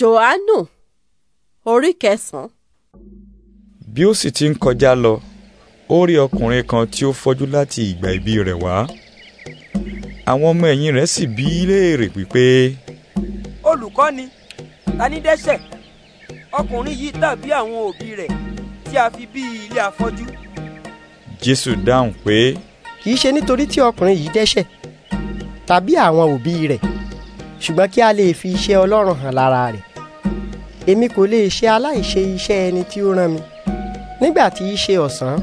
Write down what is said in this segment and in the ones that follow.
Jòhánù orí kẹsàn-án. bí ó sì ti ń kọjá lọ ó rí ọkùnrin kan tí ó fọ́jú láti ìgbà ìbí rẹ̀ wá àwọn ọmọ ẹ̀yìn rẹ̀ sì bí léèrè pípé. olùkọ́ni ta ní dẹ́ṣẹ̀ ọkùnrin yìí tàbí àwọn òbí rẹ̀ tí a fi bí ilé afọ́jú. jésù dáhùn pé. kì í ṣe nítorí tí ọkùnrin yìí dẹ́ṣẹ̀ tàbí àwọn òbí rẹ̀ ṣùgbọ́n kí a lè fi iṣẹ́ Ọlọ́run hàn lára rẹ̀ èmi kò lè ṣe aláìṣe iṣẹ́ ẹni tí ó rán mi nígbà tí í ṣe ọ̀sán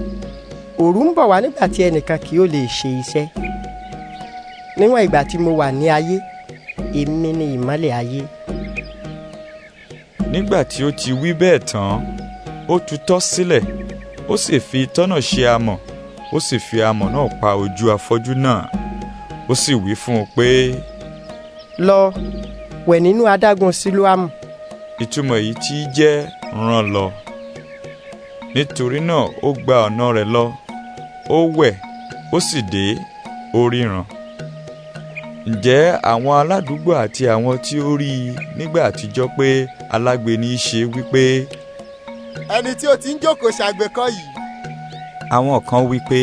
òru ń bọ̀ wá nígbà tí ẹnìkan kì yóò lè ṣe iṣẹ́ níwọ̀n ìgbà tí mo wà ní ayé èmi ni ìmọ́lẹ̀ ayé. nígbà tí ó ti wí bẹ́ẹ̀ tán ó tutọ́ sílẹ̀ ó sì fi itọ́ náà ṣe amọ̀ ó sì fi amọ̀ náà pa ojú afọ́jú náà ó sì wí fún un pé lọ wẹ̀ nínú adágún sílùámù. ìtumọ̀ èyí tí í jẹ́ rán lọ nítorí náà ó gba ọ̀nà rẹ̀ lọ ó wẹ̀ ó sì dé ó ríran ǹjẹ́ àwọn aládùúgbò àti àwọn tí ó rí i nígbà àtijọ́ pé alágbèéní ṣe wípé. ẹni tí ó ti ń jókòó ṣàgbé kan yìí. àwọn kan wípé.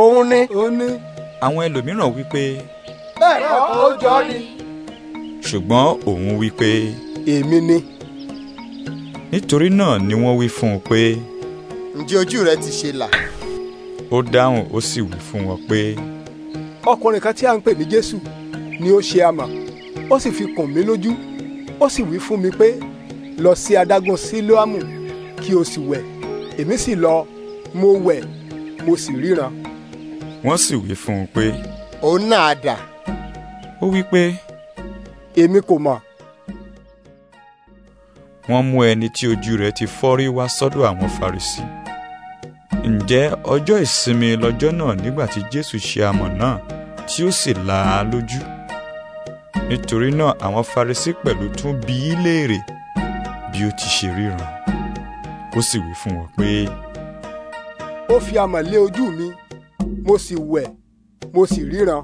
òun ni. òun ni. àwọn ẹlòmíràn wípé bẹ́ẹ̀ kọ́ ó jọ ni. ṣùgbọ́n òun wí pé. èmi ni. nítorí náà ni wọ́n wí fún un pé. ǹjẹ́ ojú rẹ ti ṣe là. ó dáhùn ó sì wí fún wọn pé. ọkùnrin kan tí a ń pè ní Jésù ni ó ṣe amọ̀ ó sì fi kùn mí lójú ó sì wí fún mi pé lọ sí adágún sílóàmù kí o sì wẹ̀ èmi sì lọ mo wẹ̀ mo sì ríran. wọ́n sì wí fún un pé. òun náà dà ó wí pé. èmi kò mọ̀. wọ́n mú ẹni tí ojú rẹ̀ ti fọ́ rí wá sọ́dọ̀ àwọn Farisí. ǹjẹ́ ọjọ́ ìsinmi lọ́jọ́ náà nígbà tí Jésù ṣe amọ̀ náà tí ó sì là á lójú. nítorí náà àwọn Farisí pẹ̀lú tún bi í léèrè bí ó ti ṣe ríran ó sì wí fún wọn pé. ó fi amọ̀ lé ojú mi mo sì wẹ̀ mo sì ríran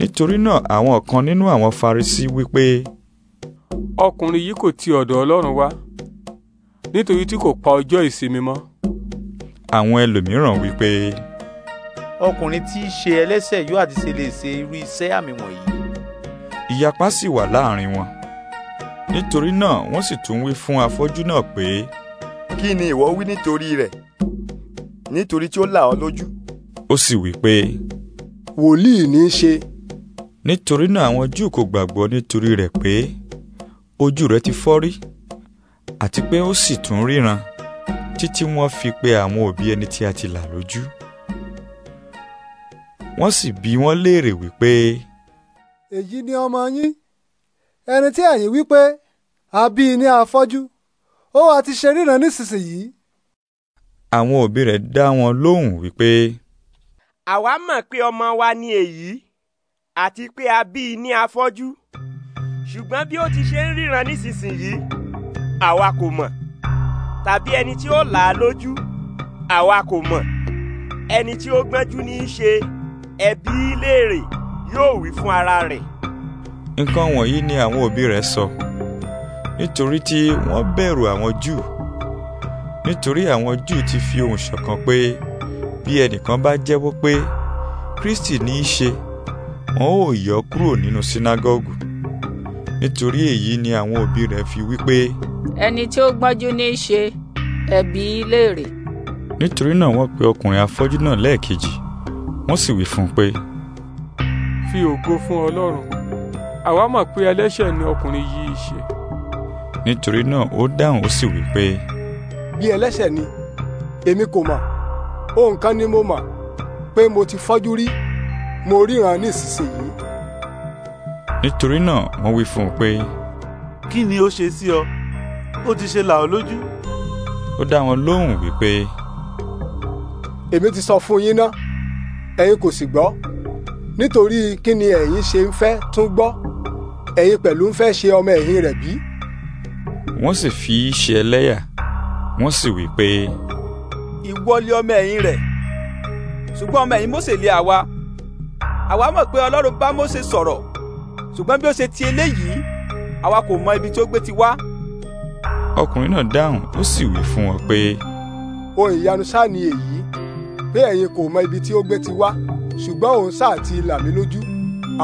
nítorí náà àwọn kan nínú àwọn farisi wípé. ọkùnrin yìí kò ti ọ̀dọ̀ Ọlọ́run wá nítorí tí kò pa ọjọ́ ìsinmi mọ́. àwọn ẹlòmíràn wípé. ọkùnrin tí í ṣe ẹlẹ́ṣẹ̀ yóò àti ṣe lè ṣe irú iṣẹ́ àmì wọ̀nyí. ìyapa sì wà láàrin wọn nítorí náà wọ́n sì tún wí fún afọ́jú náà pé. kí ni ìwọ wí nítorí rẹ̀ nítorí tí ó là ọ́ lójú. ó sì wí pé. wòlíì ní í ṣe nítorí náà àwọn júù kò gbàgbọ́ nítorí rẹ̀ pé ojú rẹ̀ ti fọ́ rí àti pé ó sì tún ríran títí wọ́n fi pe àwọn òbí ẹni tí a ti là lójú wọ́n sì bi wọ́n léèrè wípé. èyí ni ọmọ yín ẹni tí ẹ̀yin wípé a bí i ó wá ti ṣe ríran nísinsìnyí. àwọn òbí rẹ̀ dá wọn lóhùn wípé. àwa mọ̀ pé ọmọ wa ni èyí àti pé a bí i ní afọ́jú ṣùgbọ́n bí ó ti ṣe ń ríran nísinsìnyí àwa kò mọ̀ tàbí ẹni tí ó là á lójú àwa kò mọ̀ ẹni tí ó gbẹ́jú ní í ṣe ẹbí léèrè yóò wí fún ara rẹ̀. nǹkan wọ̀nyí ni àwọn òbí rẹ̀ sọ nítorí tí wọ́n bẹ̀rù àwọn Júù nítorí àwọn Júù ti fi ohùn ṣọ̀kan pé bí ẹnìkan bá jẹ́wọ́ pé Kristi ní í ṣe wọn ó yọ kúrò nínú sinagogu nítorí èyí ni àwọn òbí rẹ̀ fi wípé. ẹni tí ó gbọ́njú ní í ṣe ẹ̀bi léèrè. nítorí náà wọ́n pe ọkùnrin afọ́jú náà lẹ́ẹ̀kejì wọ́n sì wí fún un pé. fi ògo fún ọlọ́run àwa mọ̀ pé ẹlẹ́ṣẹ̀ ni ọkùnrin yìí ṣe. nítorí náà ó dáhùn ó sì wí pé. bí ẹlẹ́ṣẹ̀ ni èmi kò mọ̀ ohun kan ni mo mọ̀ pé mo ti fọ́jú rí mo ríran nísinsìnyí. nítorí náà wọ́n wí fún un pé. kí ni ó ṣe sí ọ ó ti ṣe là ọ́ lójú. ó dá wọn lóhùn wípé. èmi ti sọ fún yín ná ẹ̀yin kò sì gbọ́ nítorí kí ni ẹ̀yin ṣe ń fẹ́ tún gbọ́ ẹ̀yin pẹ̀lú ń fẹ́ ṣe ọmọ ẹ̀yìn rẹ̀ bí. wọ́n sì fi í ṣe ẹlẹ́yà wọ́n sì wí pé. ìwọ ọmọ ẹ̀yìn rẹ̀ ṣùgbọ́n ọmọ ẹ̀yìn Mósè lé àwa àwa mọ̀ pé ọlọ́run bá Mósè sọ̀rọ̀ ṣùgbọ́n bí ó ṣe ti eléyìí àwa kò mọ ibi tí ó gbé ti wá. ọkùnrin náà dáhùn ó sì wí fún wọn pé. ohun ìyanu ṣáà ni èyí pé ẹ̀yin kò mọ ibi tí ó gbé ti wá ṣùgbọ́n òun ṣáà ti là mí lójú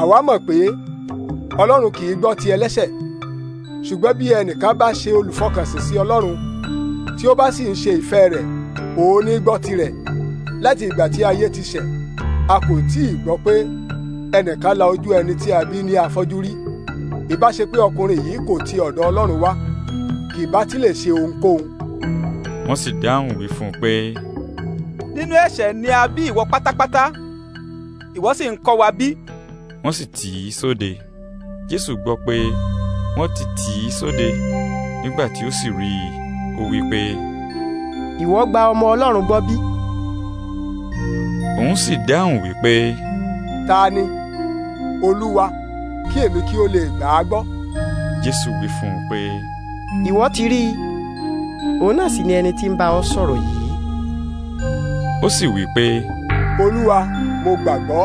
àwa mọ̀ pé ọlọ́run kì í gbọ́ ti ẹlẹ́ṣẹ̀ ṣùgbọ́n bí ẹnìkan bá ṣe olùfọkànsìn sí ọlọ́run tí ó bá sì ń ṣe ìfẹ́ rẹ̀ òun ní gbọ́ tirẹ̀ láti ìgbà tí ayé ti ṣẹ̀ a kò tí ì gbọ́ pé ẹnìkan la ojú ẹni tí a bí ní afọ́jú rí ìbá ọkùnrin yìí kò ti ọ̀dọ̀ Ọlọ́run wá kì bá ti lè ṣe ohunkóhun. wọ́n sì dáhùn wí fún un pé. nínú ẹ̀ṣẹ̀ ni a bí ìwọ pátápátá ìwọ sì ń kọ́ wa bí. wọ́n sì tì í sóde Jésù gbọ́ pé wọ́n ti tì í sóde nígbà tí ó sì rí i ó wí pé. ìwọ gba ọmọ Ọlọ́run gbọ́ bí òun sì dáhùn wípé. ta ni olúwa kí èmi kí ó lè gbà á gbọ́. jésù wí fún un pé. ìwọ ti rí i òun náà sì ni ẹni tí ń bá ọ sọ̀rọ̀ yìí. ó sì wí pé. olúwa mo gbàgbọ́.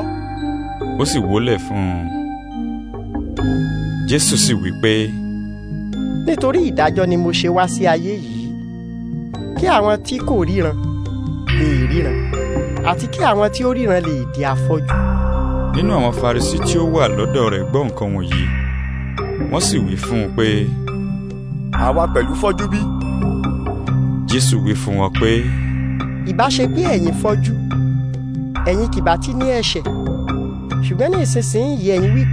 ó sì wólẹ̀ fún un. jésù sì wí pé. nítorí ìdájọ́ ni mo ṣe wá sí ayé yìí kí àwọn tí kò ríran lè ríran àti kí àwọn tí ó ríran lè di afọ́jú. nínú àwọn Farisi tí ó wà lọ́dọ̀ rẹ̀ gbọ́ nǹkan wọ̀nyí wọ́n sì wí fún un pé. àwa pẹ̀lú fọ́jú bí. Jésù wí fún wọn pé. ìbá ṣe pé ẹ̀yin fọ́jú ẹ̀yin kìbá ti ní ẹ̀ṣẹ̀ ṣùgbọ́n ní ìsinsìnyí ẹ̀yin wí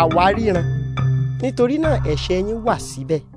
àwa ríran nítorí náà ẹ̀ṣẹ̀ yín wà síbẹ̀.